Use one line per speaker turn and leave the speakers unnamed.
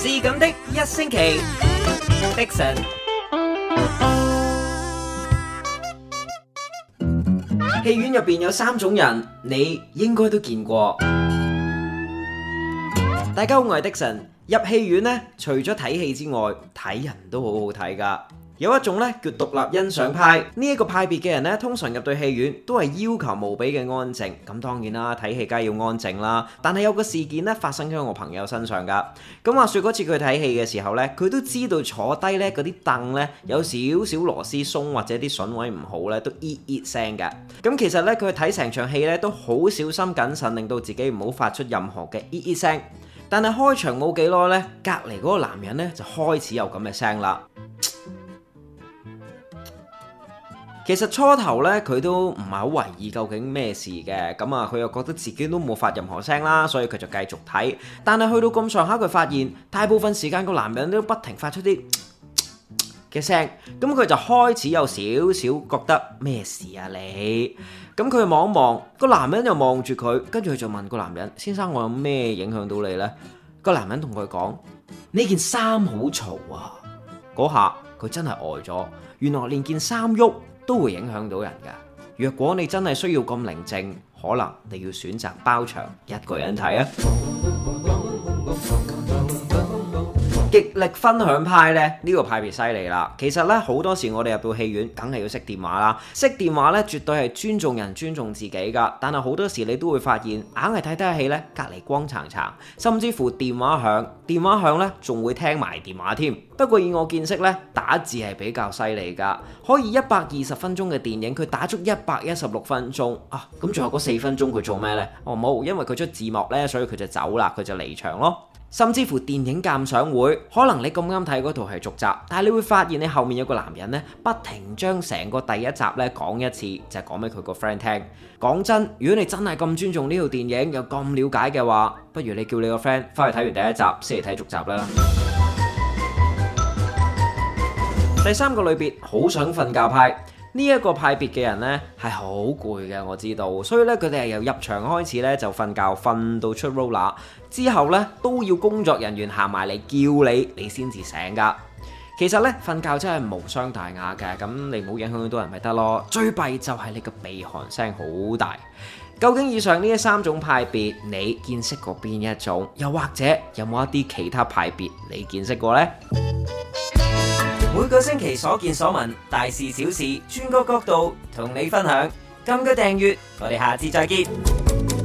是咁的一星期，迪燊。戲院入邊有三種人，你應該都見過。大家好，我係迪燊。入戲院呢，除咗睇戲之外，睇人都好好睇噶。有一種咧叫獨立欣賞派，呢、這、一個派別嘅人咧，通常入對戲院都係要求無比嘅安靜。咁當然啦，睇戲梗係要安靜啦。但係有個事件咧發生喺我朋友身上噶。咁話説嗰次佢睇戲嘅時候呢，佢都知道坐低呢，嗰啲凳呢，有少少螺絲鬆或者啲筍位唔好呢，都「咦咦」聲嘅。咁其實呢，佢睇成場戲呢都好小心謹慎，令到自己唔好發出任何嘅「咦咦」聲。但係開場冇幾耐呢，隔離嗰個男人呢，就開始有咁嘅聲啦。其實初頭咧，佢都唔係好懷疑究竟咩事嘅，咁啊，佢又覺得自己都冇發任何聲啦，所以佢就繼續睇。但係去到咁上下，佢發現大部分時間個男人都不停發出啲嘅聲，咁佢就開始有少少覺得咩事啊你？咁佢望一望個男人，又望住佢，跟住佢就問個男人：先生，我有咩影響到你呢？個男人同佢講：呢件衫好嘈啊！嗰下佢真係呆咗，原來連件衫喐。都會影響到人㗎。若果你真係需要咁寧靜，可能你要選擇包場一個人睇啊。 極力分享派呢，呢、呢個派別犀利啦，其實呢，好多時我哋入到戲院，梗係要熄電話啦。熄電話呢，絕對係尊重人、尊重自己噶。但係好多時你都會發現，硬係睇得戲呢，隔籬光殘殘，甚至乎電話響，電話響呢，仲會聽埋電話添。不過以我見識呢，打字係比較犀利噶，可以一百二十分鐘嘅電影，佢打足一百一十六分鐘啊。咁最後嗰四分鐘佢做咩呢？哦冇，因為佢出字幕呢，所以佢就走啦，佢就離場咯。甚至乎電影鑑賞會，可能你咁啱睇嗰套係續集，但係你會發現你後面有個男人呢，不停將成個第一集呢講一次，就係講俾佢個 friend 聽。講真，如果你真係咁尊重呢套電影又咁了解嘅話，不如你叫你個 friend 翻去睇完第一集先嚟睇續集啦。 第三個類別，好想瞓覺派。呢一個派別嘅人呢係好攰嘅，我知道，所以咧，佢哋係由入場開始咧就瞓覺，瞓到出 roller 之後呢都要工作人員行埋嚟叫你，你先至醒噶。其實呢，瞓覺真係無傷大雅嘅，咁你唔好影響到人咪得咯。最弊就係你個鼻鼾聲好大。究竟以上呢三種派別你見識過邊一種？又或者有冇一啲其他派別你見識過呢？每個星期所見所聞，大事小事，轉個角度同你分享。撳個訂閱，我哋下次再見。